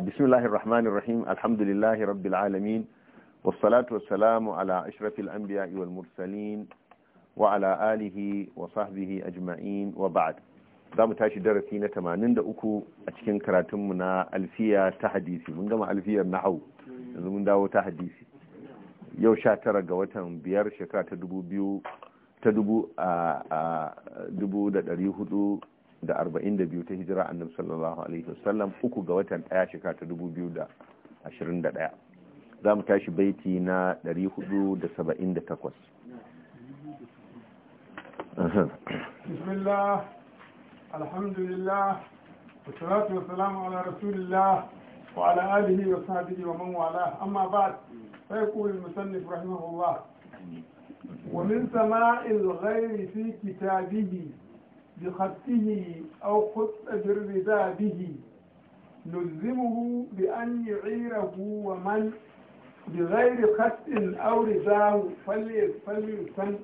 بسم الله الرحمن الرحيم الحمد لله رب العالمين والصلاة والسلام على عشرة الأنبياء والمرسلين وعلى آله وصحبه أجمعين وبعد دام تاشي درسي نتمانين دأكو أتكين كراتمنا ألفية تحديثي من دام ألفية نحو من داو تحديثي يو شاتر قوتهم بيار شكرا تدبو بيو تدبو دبو دا دريهدو da arba'in da biyu ta hijira annab sallallahu alaihi wasallam uku ga watan ɗaya shekara ta dubu biyu da ashirin da ɗaya za mu tashi baiti na ɗari hudu da saba'in da takwas bismillah alhamdulillah wasalatu wasalamu ala rasulillah wa ala alihi wa sahbihi wa man wala amma ba'd rahimahullah ومن سماء الغير في كتابه بخطه أو خط الرضا به نلزمه بأن يعيره ومن بغير خط أو رضاه فليسن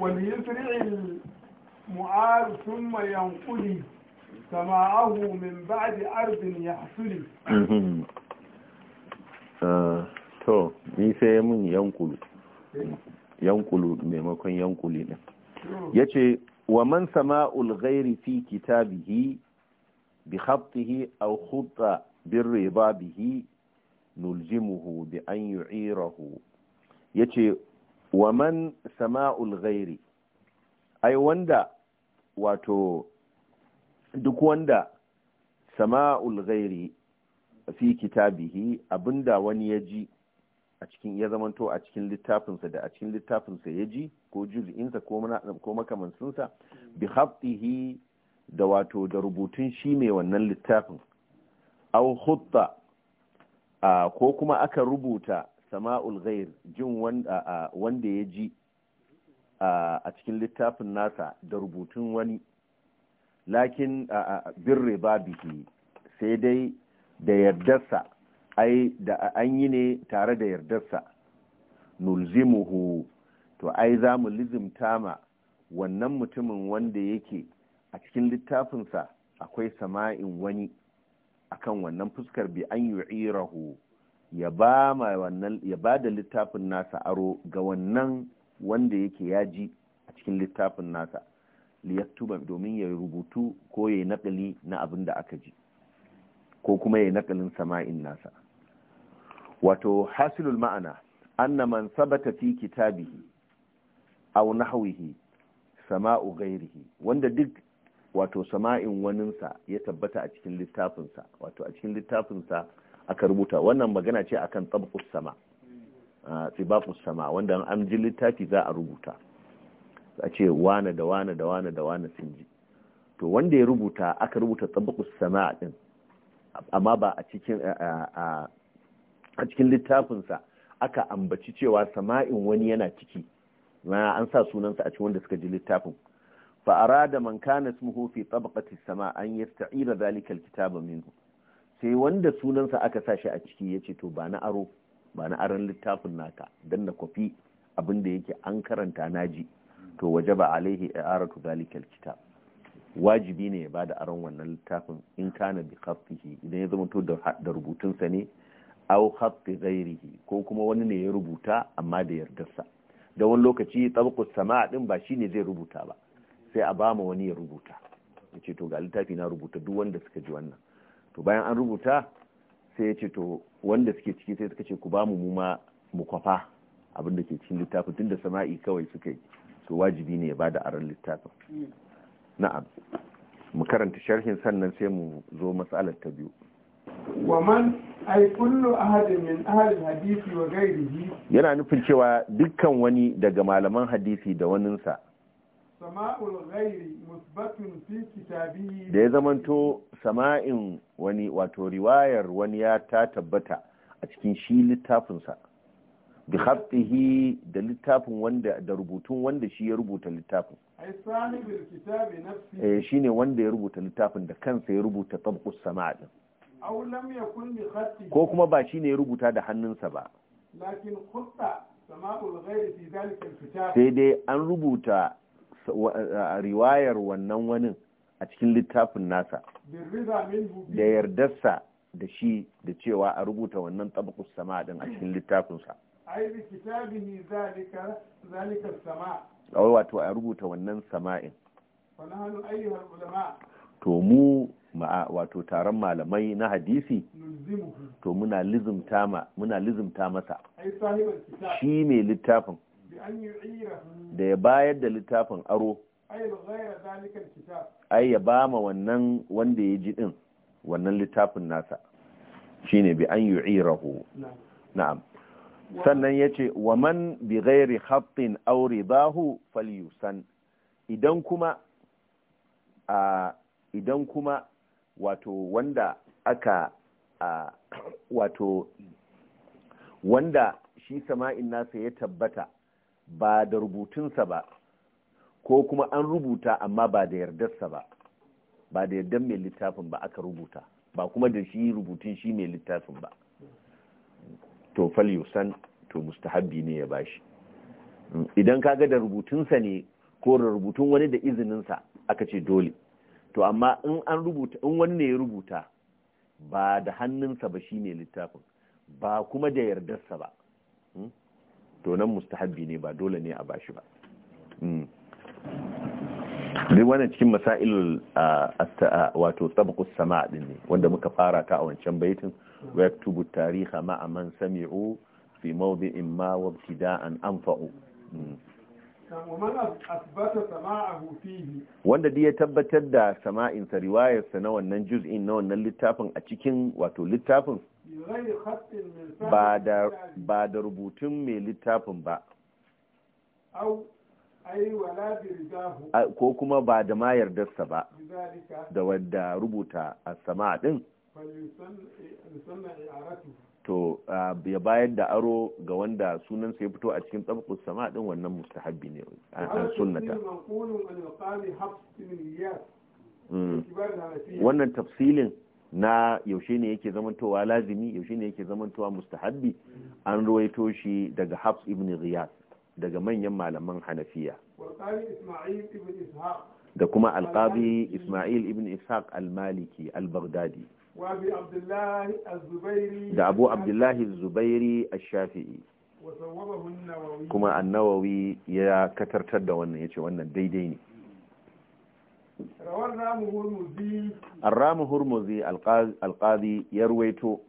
وليسرع المعار ثم ينقلي سماعه من بعد أرض يحصلي to ni sai mun yankulu yankulu maimakon yankuli ne ya ce wa man sama ulgairi fi kitabihi bi khattihi aw khutta birriba bihi nuljimuhu bi an yu'irahu yace wa man sama ulgairi? ai wanda wato duk wanda sama ulgairi fi kitabihi abinda wani ya ji a cikin ya zamanto a cikin littafinsa da a cikin littafinsa ya ji ko juz'insa ko makamansinsa bi haftihi da wato da rubutun shi mai wannan littafin au hutta ko kuma aka rubuta sama'ul ghair jin wanda ya ji a cikin littafin nasa da rubutun wani lakin birre babihi sai dai da yardarsa ai da an yi ne tare da yardarsa nulzimuhu to ai za mu lizimta ma wannan mutumin wanda yake a cikin littafinsa akwai sama'in wani akan wannan fuskar bi an yu'irahu ya ba ya ba da littafin nasa aro ga wannan wanda yake yaji a cikin littafin nasa liyaktuba domin ya rubutu ko ya yi naƙali na abin da aka ji ko kuma ya yi naƙalin sama'in nasa wato hasilul ma'ana anna man sabata fi kitabihi aw nahwihi sama'u ghairihi wanda duk wato sama'in waninsa ya tabbata a cikin littafinsa wato a cikin littafinsa aka rubuta wannan magana ce akan tsabqus sama tsibaqus sama wanda an ji littafi za a rubuta a ce wane da wane da wane da wane sun ji to wanda ya rubuta aka rubuta tsabqus sama din amma ba a cikin a cikin littafinsa aka ambaci cewa sama'in wani yana ciki na an sa sunansa a cikin wanda suka ji littafin fa arada man kana ismuhu fi tabaqati sama an yasta'ira dhalika alkitaba minhu sai wanda sunansa aka sa shi a ciki yace to ba na aro ba na aron littafin naka dan na kofi abin da yake an karanta naji to wajaba alaihi i'aratu dhalika alkitab wajibi ne ya bada aron wannan littafin in kana bi khaffihi idan ya zama to da rubutunsa ne au khatti ghairihi ko kuma wani ne ya rubuta amma da yardarsa da wani lokaci tabaqus sama'a din ba shine zai rubuta ba sai a bama wani ya rubuta yace to ga littafi na rubuta duk wanda suka ji wannan to bayan an rubuta sai yace to wanda suke ciki sai suka ce ku bamu mu ma mu kwafa abin da ke cikin littafin tunda sama'i kawai suka yi to wajibi ne ya bada aran littafin hmm. na'am mu karanta sharhin sannan sai mu zo matsalar ta biyu waman ai ahadin min ahalin hadisi wa gairihi yana nufin cewa dukkan wani daga malaman hadisi da waninsa sama'ul ghairi musbatun fi kitabihi da ya zamanto sama'in wani wato riwayar wani ya ta tabbata a cikin shi littafinsa bi haftihi da littafin wanda da rubutun wanda shi ya rubuta littafin eh shine wanda ya rubuta littafin da kansa ya rubuta tabqus sama'a din ko kuma ba shi ne ya rubuta da hannunsa ba sai dai an rubuta riwayar wannan wani a cikin littafin nasa da yardarsa da shi da cewa a rubuta wannan tabakus sama din a cikin littafinsa wato a rubuta wannan sama'in to mu wato taron malamai na hadisi to muna lizimta masa shi ne littafin da ya bayar da littafin aro ai ya ba ma wannan wanda ya ji din wannan littafin nasa Shi ne bi an yu'irahu na'am sannan yace wa man bi gairi khattin aure ridahu falyusan idan kuma a idan kuma wato wanda aka wato wanda shi sama'in nasa ya tabbata ba da rubutunsa ba ko kuma an rubuta amma ba da yardarsa ba ba da yardar mai littafin ba aka rubuta ba kuma da shi rubutun shi mai littafin ba to san to mustahabbi ne ya bashi idan kaga da rubutunsa ne ko rubutun wani da izininsa aka ce dole to amma in an rubuta in wani ne ya rubuta ba da hannunsa ba shine littafin ba kuma da yardarsa ba hmm? to nan mustahabbi ne ba dole ne a bashi ba dai hmm. wannan cikin masailul wato sabqus sama' din ne wanda muka fara ta a wancan baitin wa yaktubu tariha a man sami'u fi mawdi'in ma wa an anfa'u hmm. wanda ya tabbatar da sama'insa riwayarsa na wannan juz'in na wannan littafin a cikin wato littafin ba da rubutun mai littafin ba ko kuma ba da ma yardarsa ba da wadda rubuta a sama'a din to ya bayar da aro ga wanda sunansa ya fito a cikin tsabkus sama din wannan mustahabbi ne a sunnata hmm. wannan tafsilin na yaushe ne yake zamantowa lazimi yaushe ne yake zamantowa mustahabbi an ruwaito shi daga Habs ibn riyas daga manyan malaman Hanafiya da kuma alqabi Ismail ibn Ishaq al-Maliki al-Baghdadi da abu abdullahi zubairi a shafi'i kuma annawawi ya katartar da wannan ya ce wannan daidai ne arramu hurmuzi alkazi ya ruwaito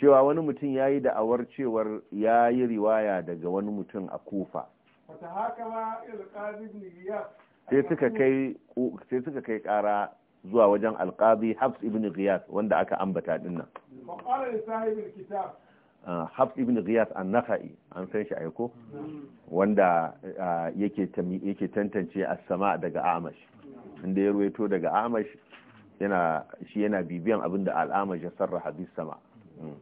cewa wani mutum ya yi da'awar cewar ya yi riwaya daga wani mutum a kufa sai suka kai kara zuwa wajen alqazi Hafs ibn Ghiyas wanda aka ambata dinnan ah, Hafs ibn Ghiyas an-Nakhai an san shi aiko wanda ah, yake yake tantance as-sama daga Amash inda ya ruwaito daga Amash yana shi yana bibiyan abin da al-Amash ya sarraha bis sama hmm.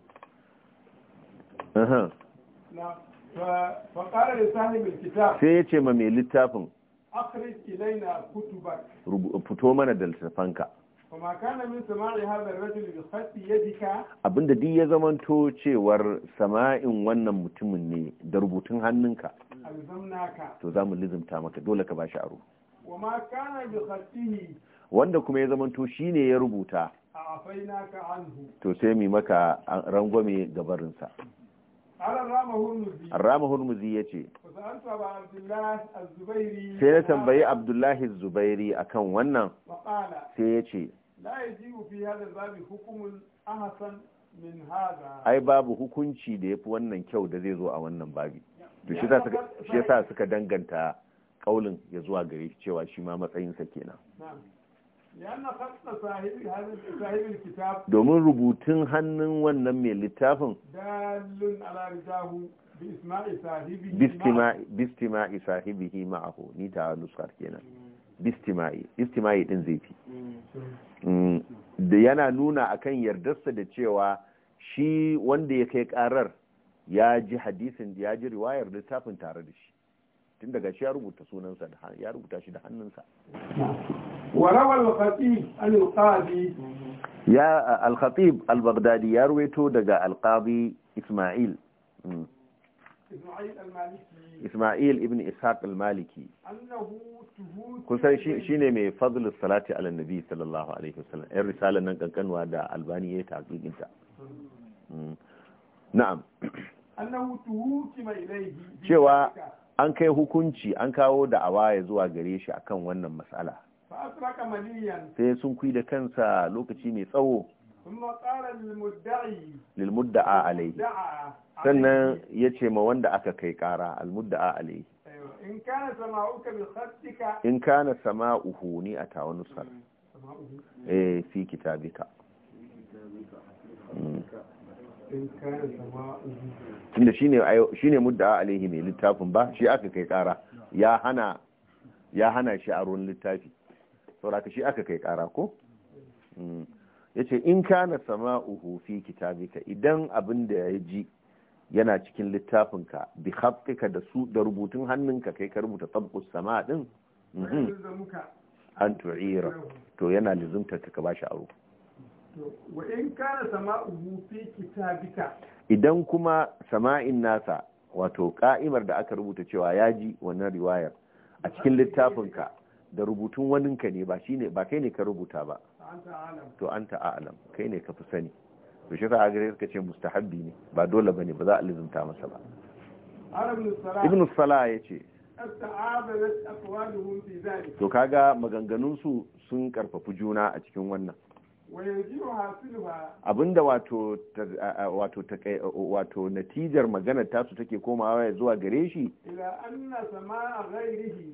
sai ya ce ma mai littafin akhrij fito mana da littafanka abinda duk ya zamanto cewar sama'in wannan mutumin ne da rubutun hannunka To za mu lizimta maka dole ka ba shi aro wanda kuma ya shi ne ya rubuta to sai mi maka rangwame gabarinsa Rama Hurmuzi ya ce, Sai na tambayi Abdullahi Zubairi akan wannan sai ya ce, Ai babu hukunci da ya fi wannan kyau da zai zo a wannan babi. To shi sa suka danganta kaulin ya zuwa gare cewa shi ma matsayinsa kenan. domin rubutun hannun wannan mai littafin bistima'i sahibihi ma'ahu ni ta nuskar kenan bistima'i istima'i din zai fi da yana nuna akan yardarsa da cewa shi wanda ya kai karar ya ji hadisin ya ji riwayar littafin tare da shi tun daga shi ya rubuta sunansa ya rubuta shi da hannunsa وروى الخطيب القاضي يا الخطيب البغدادي يرويته دغا القاضي اسماعيل اسماعيل ابن اسحاق المالكي شيء ne mai fadlus salati ala nabi sallallahu alaihi wasallam yan risalar nan kankanwa da albani ya taqiqin ta na'am annahu ilayhi cewa an kai hukunci an kawo da awaya zuwa gare shi akan wannan mas'ala sai sun kuyi da kansa lokaci mai tsawo lilmudda'a alai sannan ya ce ma wanda aka kai kara almudda'a alai in kana sama'uhu ni a tawa nusar eh fi kitabika tunda shi ne mudda'a alaihi mai littafin ba shi aka kai kara ya hana shi a ruwan littafi sauraka shi aka kai kara ko mm. Ya ce in kana uhu fi kitabika idan abin da ya ji yana cikin littafinka bi khatika da su da rubutun hannunka kai ka rubuta tabqus sama din mhm, an tu'ira to yana lizumta ta ka bashi aro wa in kana uhu fi kitabika idan kuma sama'in nasa wato ka'imar da aka rubuta cewa ya ji wannan riwayar a cikin littafin ka. da rubutun waninka ne ba ne ba kai ne ka rubuta ba to an ta'alam kai ne ka fi sani to shi ka gare ka ce mustahabbi ne ba dole ba ne ba za a lizinta masa ba ibn salah ce to kaga maganganunsu maganganunsu sun karfafi juna a cikin wannan abinda wato wato natijar magana tasu take komawa ya zuwa gare shi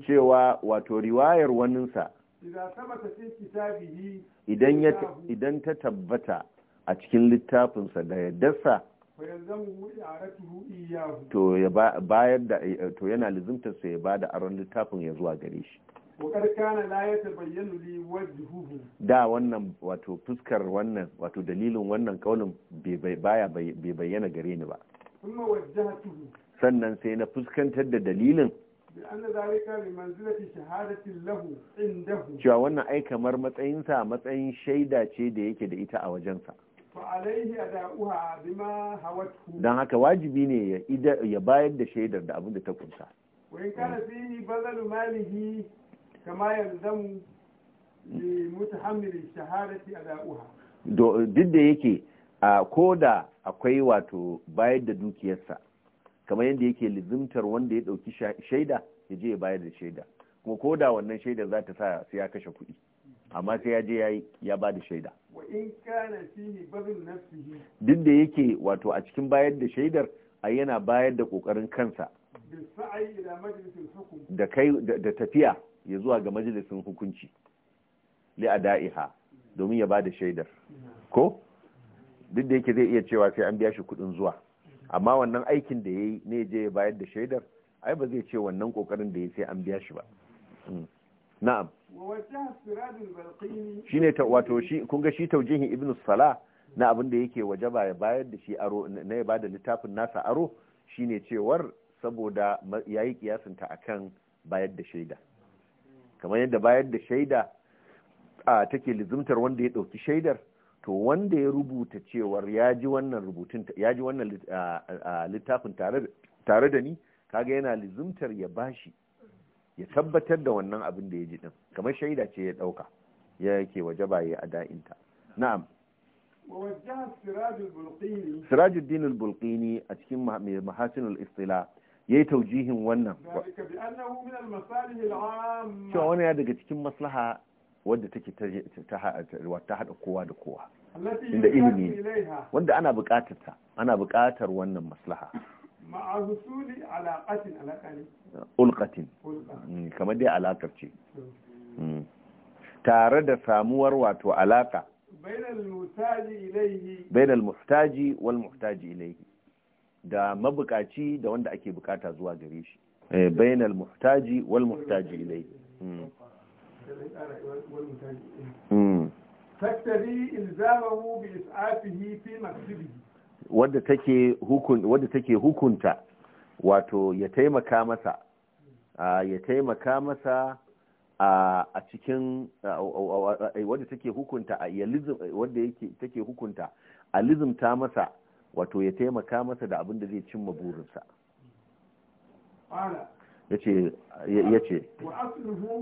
cewa wato riwayar waninsa idan ta tabbata a cikin littafinsa da ya dasa to yana lizimtarsa ya ba da aron littafin ya zuwa gare shi Wakar kana laye ta bayyanu li wajhuhu. Da wannan wato fuskar wannan wato dalilin wannan kaunin baya bai bayyana gare ni ba. Kuma wajhatuhu. Sannan sai na fuskantar da dalilin. Bi anna zalika bi manzilati shahadatin lahu indahu. Cewa wannan ai kamar matsayinsa matsayin shaida ce da yake da ita a wajensa. Don haka wajibi ne ya bayar da shaidar da abin da ta kunsa. wai kana fi balal malihi kama yalzamu li mutahammili shahadati ada'uha duk da yake a koda akwai wato bayar da dukiyarsa kamar yadda yake lizimtar wanda ya dauki shaida ya je ya bayar da shaida kuma koda wannan shaidar za ta sa sai ya kashe kuɗi amma sai ya je ya ba da shaida duk da yake wato a cikin bayar da shaidar a yana bayar da ƙoƙarin kansa da da tafiya ya zuwa ga majalisin hukunci li ada'iha domin ya bada shaidar ko duk da yake zai iya cewa sai an biya shi kudin zuwa amma wannan aikin da yayi ne je ya bayar da shaidar ai ba zai ce wannan kokarin da yayi sai an biya shi ba hmm. na'am shine ta wato shi kun ga shi taujihin Ibn salah na abin da yake wajaba ya bayar da shi aro na ya bada littafin nasa aro shine cewar saboda yayi kiyasinta akan bayar da shaida kamar yadda bayar da shaida a take lizimtar wanda ya dauki shaidar to wanda ya rubuta cewar ya ji wannan rubutun littafin tare da ni kaga yana lizimtar ya bashi ya tabbatar da wannan abin da ya ji din kamar shaida ce ya dauka ya yake waje baye da'inta. da'inta na'am sirajuddin al-bulqini a cikin mahasinul istila ya yi taujihin wannan cewa wani ya daga cikin maslaha wadda take ta haɗa kowa da kowa inda ilimi wanda ana buƙatar ta ana buƙatar wannan maslaha ulƙatin mm, kamar dai alaƙar ce mm. Mm. tare da samuwar wato alaƙa bainal muhtaji wal muhtaji ilaihi da mabukaci da wanda ake bukata zuwa gare shi eh, bainal muhtaji wal muhtaji ilai hmm. hmm. tattari ilzamahu bi is'afihi fi wadda take hukun wadda take hukunta wato ya taimaka masa ya taimaka masa a cikin wadda take hukunta wadda take hukunta alizm ta masa wato ya taimaka masa da abin da zai cimma burinsa ya ce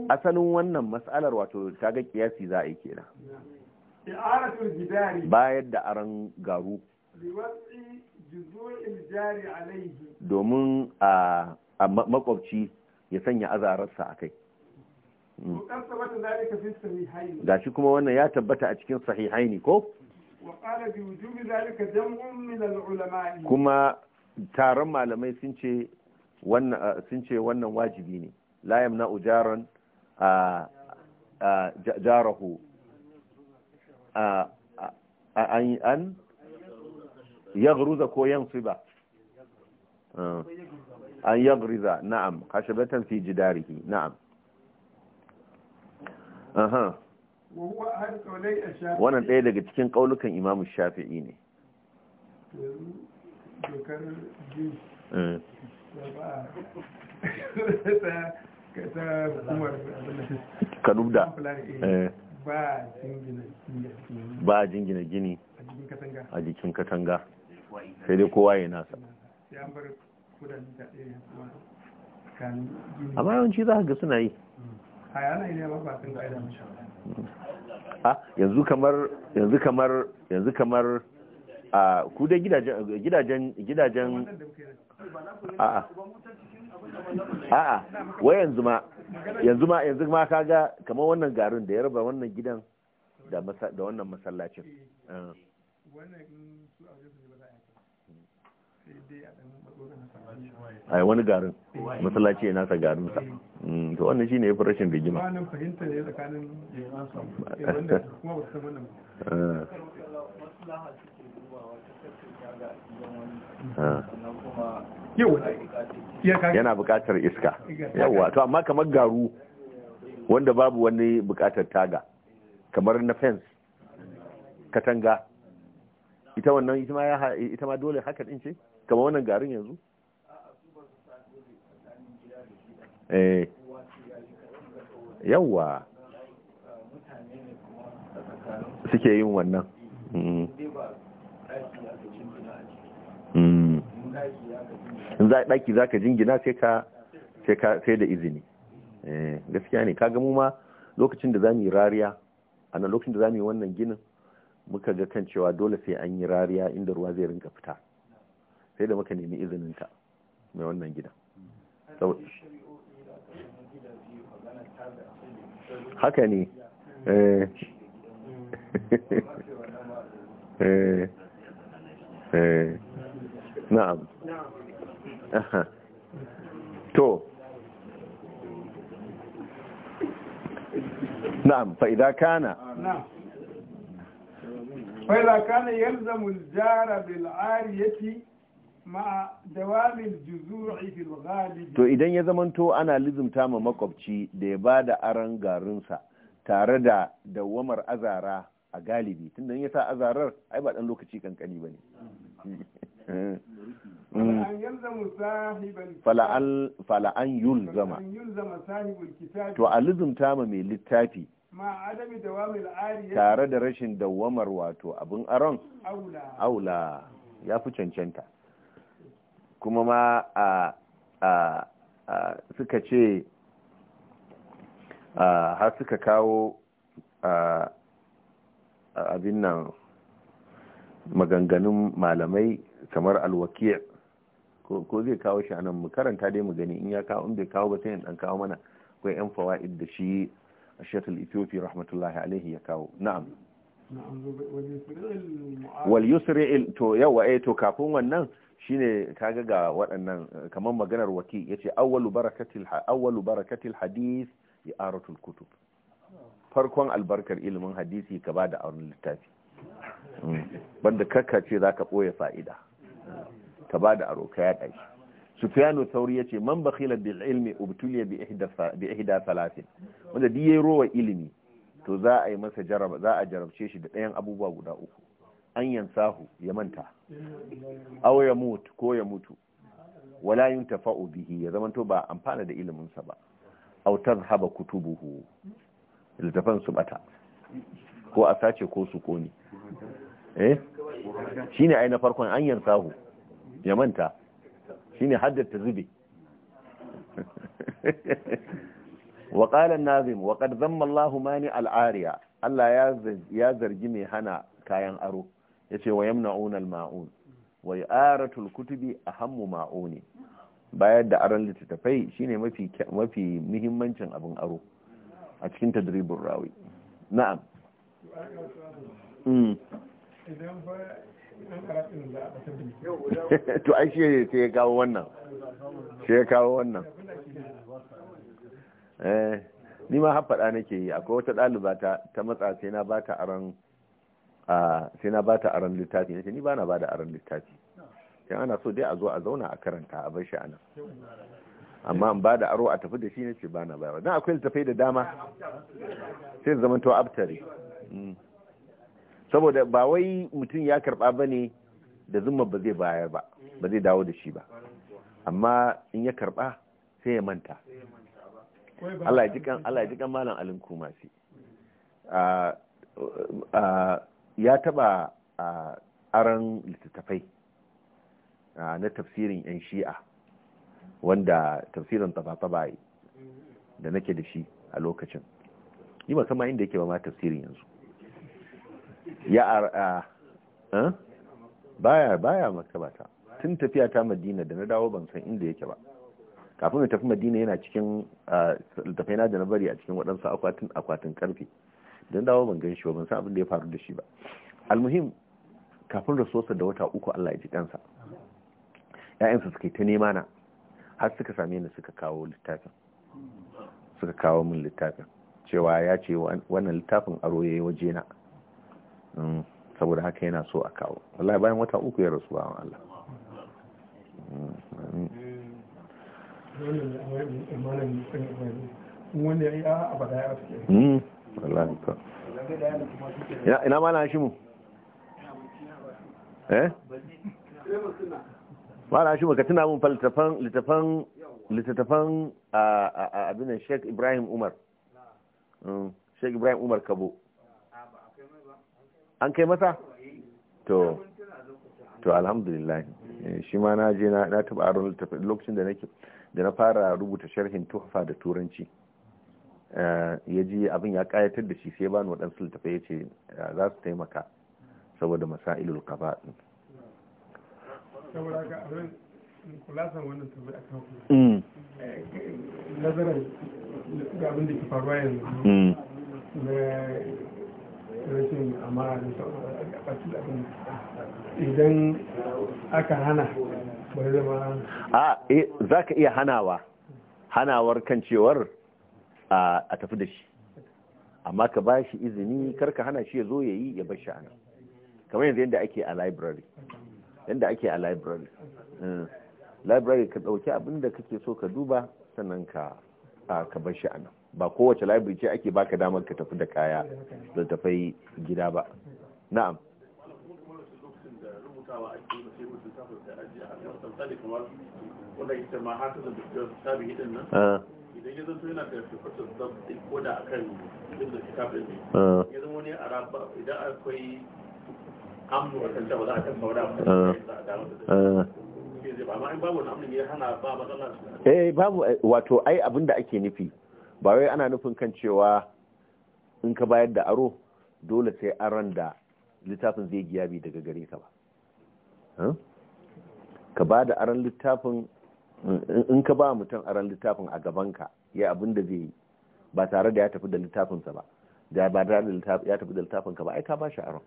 asalin wannan matsalar wato kaga kiyasi za a yi kenan bayar da aron garu domin a makwabci ya sanya azararsa a kai gashi kuma wannan ya tabbata a cikin ne ko kuma taron malamai sun ce wannan ah, wajibi ne na ujaron a jarahu ah, ah, an yagruza ko ba an yagriza na'am kashabatan fi jidarihi na'am wannan ɗaya daga cikin ƙaunukan imamu shafi'i ne eh. ka dubda eh. Eh. ba a jingina gini a jikin katanga sai dai kowa ya nasa amma yawanci za ga suna yi yanzu kamar yanzu kamar yanzu kamar a ku dai gidajen gidajen gidajen a'a a'a wai yanzu ma yanzu ma yanzu ma kaga kamar wannan garin da ya raba wannan gidan da wannan masallacin eh. Eh. wani garin masallaci ya nasa garin sa eh. Mm, to wannan shine ya fi rashin rigima wannan fahimta ne tsakanin eh, eh. Eh. yana bukatar iska yawa to amma kamar garu wanda babu wani bukatar taga kamar na fence katanga ita wannan ita ma dole haka din ce kamar wannan garin yanzu eh yawwa suke yin wannan mm. Mm. in za ɗaki za ka jingina sai da izini eh, gaskiya ne ka mu ma lokacin da za mu yi rariya a nan lokacin da za mu yi wannan ginin muka ga kan cewa dole sai an yi rariya inda ruwa zai rinka fita sai da muka nemi izininta mai wannan gidan haka ne eh. Eh. Eh. na'am to na'am fa'ida kana fa'ida kana yanzu muljara bil'ariyati to idan ya zamanto ana lizumta ma makwabci da ya ba da aron garinsa tare da dawamar azara a galibi tunda ya sa azarar ai ba dan lokaci kankani ba ne an yul zama to a lizumta ma mai littafi tare da rashin dawamar wato abin aron aula ya fi cancanta kuma ma a suka ce har suka kawo abin nan maganganun malamai kamar alwakiyar ko zai kawo shi anan mu karanta dai mu gani in ya kawo in bai kawo ba sai dan kawo mana akwai yan fawaid da shi a al Ethiopia rahmatullahi alaihi ya kawo na'am wal yusri to yawa eh to kafin wannan shine kaga ga waɗannan eh, kamar maganar waki yace awwalu barakatil awwalu barakatil hadith i'aratul kutub farkon albarkar ilimin hadisi ka bada auren littafi hmm. banda kakka ce zaka boye fa'ida ka bada aro ka yada shi sufyanu thauri yace man bakhila bil ilmi ubtuliya bi ihda bi ihda thalathin wanda diye rowa ilimi to za a yi masa jaraba za a jarabce shi da ɗayan abubuwa guda uku an yansahu ya manta aw ya mutu ko ya mutu wala yuntafa'u bihi ya zamanto ba amfana da ilimin sa ba aw tazhaba kutubuhu litafan su bata ko a sace ko su koni eh shine ai na farkon an yansahu ya manta shine haddata zube wa qala an-nazim wa qad dhamma Allahu mani al-ariya Allah ya zargi mai hana kayan aro yace wa yamna'una al-ma'un wa i'aratul kutubi ahammu ma'uni bayar da aron littattafai shine mafi mafi muhimmancin abin aro a cikin tadribin rawi na'am mm. to ai shi sai ya kawo wannan sai ya kawo wannan eh ni ma har faɗa nake yi akwai wata ɗaliba ta ta matsa sai na ba ta aron sai na bata aron littafi ne ni ba na ba da aron littafi sai ana so dai a zo a zauna a karanta a bar shi amma in da aro a tafi da shi ne nace ba na bayarwa don akwai littafai da dama sai zaman to abtare mm. saboda ba wai mutum ya karba ne, da zumma ba zai bayar ba ba zai dawo da shi ba amma in ya karba sai ya manta Allah ya ji kan malam alin a ya taba aran littattafai na tafsirin yan shi'a wanda tafsirin taba yi da nake da shi a lokacin yi musamman inda yake ba ma tafsirin yanzu ya a baya baya makabata tun tafiya ta madina da na dawo ban san inda yake ba kafin na tafi madina yana cikin littattafai na da na bari a cikin waɗansu akwatin karfe don dawo ban gan shi ba ban san abin da ya faru da shi ba almuhim kafin rasuwarsa da wata uku Allah ya ji kansa ‘ya'yansa suka yi ta nema na har suka same ni suka kawo littafin suka kawo min littafin cewa ya ce wannan littafin aro ya yi waje na mm, saboda haka yana so a kawo wallahi bayan wata uku ya rasu ba Allah wannan ya yi a abada ya suke wallahi ka ina ma na shi mu eh Ba na shi mu ka tuna mun faltafan litafan litafan a abin da Sheikh Ibrahim Umar mm, Sheikh Ibrahim Umar Kabo an kai masa to to alhamdulillah eh, shi ma na je na taba aron lokacin da nake da na fara rubuta sharhin tuhfa da turanci ya ji abin ya kayatar da shi sai ba ni waɗansu littafai ya ce za su taimaka saboda masailul qaba din mm. da mm. da idan aka hana ba zama a eh, za ka iya hanawa hanawar kan cewar a tafi da shi amma ka ba shi izini kar ka hana shi ya zo ya yi ya bar shi ana kamar yanzu yadda ake a library yadda ake a library mm. library ka ɗauki abin da kake so ka duba sannan ka ka bar shi ana ba kowace library ce ake baka damar ka tafi da kaya da tafai gida ba na'am Uh. idan ya zanto yana da fifatun zafi ko da kan duk da kafin ne ah. ya zama ne a rafa idan akwai amnu a kan ba za a kan saura ba ah. za a damu da ah. Eh babu eh, wato ai abinda ake nufi ba wai ana nufin kan cewa in ka bayar da aro dole sai an ran littafin zai giya bi daga gare ka ba ka ba da aron littafin in ka ba mutum aran littafin a gabanka ya abin da zai yi ba tare da ya tafi da littafinsa ba da ba tare da ya tafi da littafinka ba ai ka ba shi aran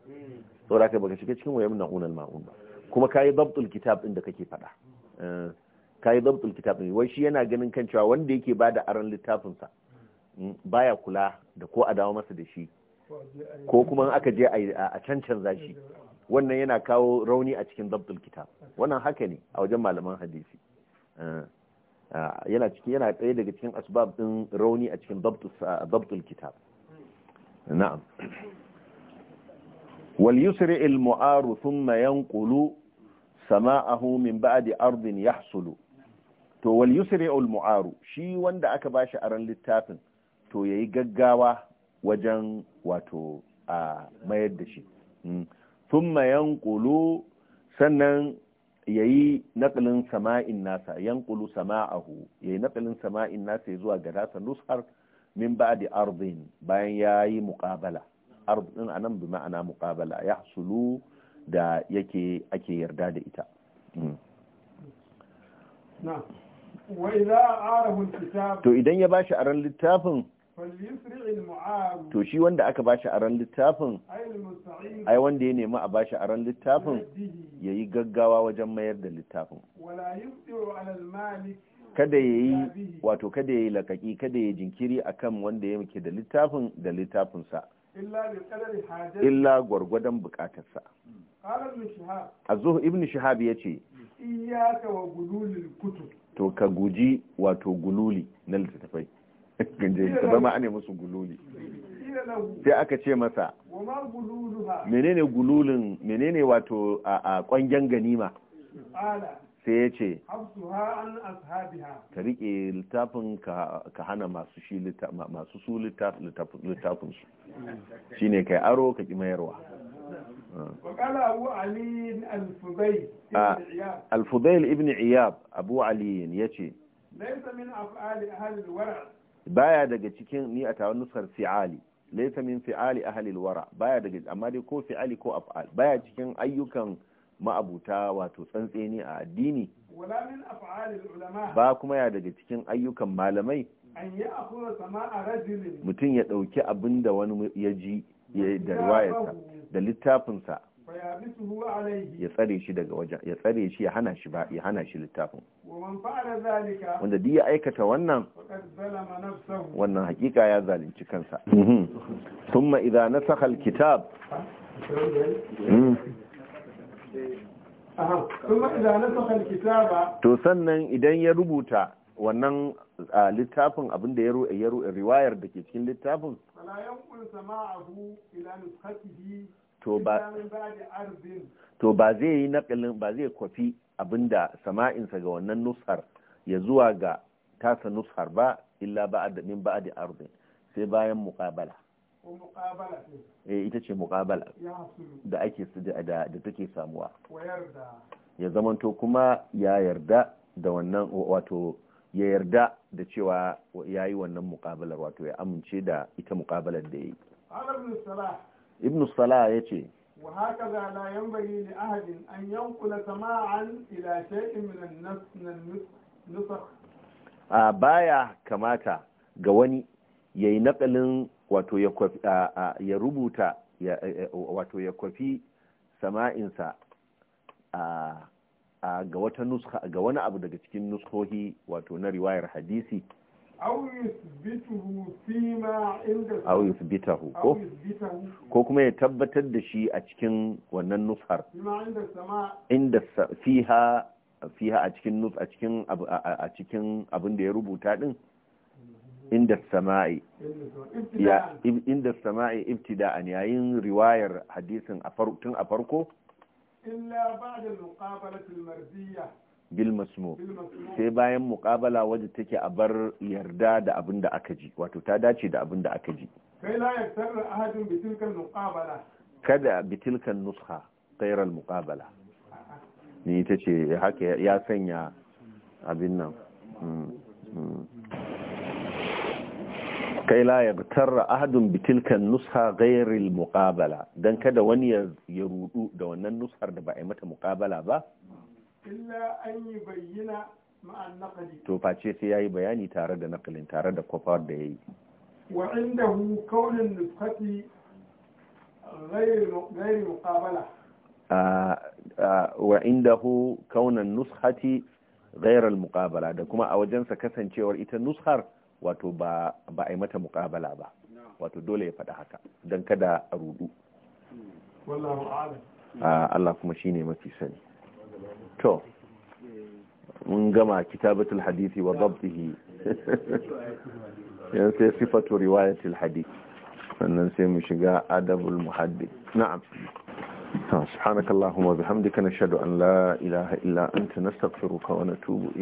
saboda ka baka shiga cikin wayan unan ma'un ba kuma kayi dabtul kitab din da kake faɗa eh, kayi dabtul kitab din wai shi yana ganin kan cewa wanda yake ba da aran littafinsa hmm, baya kula da ko a dawo masa da shi ko kuma aka je a cancanza shi wannan yana kawo rauni a cikin dabtul kitab wannan haka ne a wajen malaman hadisi Eh, eh, yana ciki yana ɗaya daga cikin asbab ɗin rauni a cikin dabtul kitab na'am wal yusri al mu'aru thumma yanqulu sama'ahu min ba'di ardin yahsulu to wal yusri al mu'aru shi wanda aka bashi aran littafin to yayi gaggawa wajen wato a mayar da shi hmm. thumma yanqulu sannan yayi naqlin sama'in nasa yanqulu sama'ahu yayi naqlin sama'in nasa ya zuwa ga nasa nushar min ba'di ardin bayan yayi muqabala ard ɗin anan bi ma'ana muqabala yahsulu da yake ake yarda da ita hmm. to idan ya bashi aran littafin to shi wanda aka bashi aron littafin ai wanda ya nemi a bashi aron littafin ya yi gaggawa wajen mayar da littafin kada ya yi wato kada ya yi lakaki kada ya yi jinkiri a kan wanda ya muke da littafin da littafinsa illa gwargwadon bukatarsa a zuhu ibn shahab ya ce to ka guji wato gululi na littattafai ganje ta zama musu gululi sai aka ce masa menene gululin menene wato a kwangen ganima sai ya ce ka rike littafin ka hana masu shi masu su littafin su shine kai aro ka ki mayarwa alfudail ibn iyab abu aliyin ya ce baya daga cikin ni a tawon nusar fi'ali laysa min fi'ali ahli wara baya daga amma dai ko fi'ali ko af'al baya cikin ayyukan ma'abuta wato tsantseni a addini wala ba kuma ya daga cikin ayyukan malamai Mutum ya ɗauki sama'a rajulin abinda wani ya ji da riwayarsa da littafinsa ya tsare shi daga wajen ya tsare shi ya hana shi ba ya hana shi littafin wanda duk ya aikata wannan wannan hakika ya zalunci kansa mhm. thumma idza mhm. nasakha alkitab to sannan idan ya rubuta wannan littafin abin da ya riwayar da ke cikin littafin to ba zai yi naƙalin ba zai kwafi abinda sama'insa ga wannan nusar ya zuwa ga tasa nusar ba illa ba a da arzin sai bayan mukabala eh, ita ce mukabala da ake da da take samuwa ya zamanto kuma ya yarda da wannan wato ya yarda da cewa ya yi wannan muƙabalar wato ya amince da ita muƙabalar da ya yi ibn salah ya ce وهكذا لا ينبغي لأحد أن ينقل سماعا إلى شيء من النسخ baya kamata ga wani ya yi nakalin ya rubuta wato ya kwafi sama'insa ga wani abu daga cikin nuskohi wato na riwayar hadisi au yuthbitahu ko ko kuma ya tabbatar da shi a cikin wannan nufar inda fiha fiha a cikin nuf a cikin a cikin abin da ya rubuta din inda sama'i ya inda sama'i an yayin riwayar hadisin a tun a farko illa ba'da al-muqabalati bil masmu sai bayan mukabala wadda take a bar yarda da abin da aka ji wato ta dace da abin da aka ji kai la yaktarra ahadun bi tilkan muqabala kada bi tilkan nusha ghayra al muqabala ni ita ce haka ya sanya abin nan mm, mm. kai la yaktarra ahadun bi tilkan nusha ghayra al muqabala dan kada wani ya rudu da wannan nushar da ba a yi mata muqabala ba illa an yi bayyana ma'an naqli to face sai yayi bayani tare da naqlin tare da kofar da yayi wa indahu kaulun nuskhati muqabala wa indahu kaunan النسخة غير muqabala da kuma a wajensa kasancewar ita nushar wato ba a yi mata muqabala ba wato dole ya faɗi haka don kada a rudu Allah kuma shine mafi sani to mun gama kitabatul hadisi wa dabtihi yan sai sifatu riwayatul hadith sannan sai mu shiga adabul muhaddith na'am subhanakallahumma bihamdika nashhadu an la ilaha illa anta nastaghfiruka wa natubu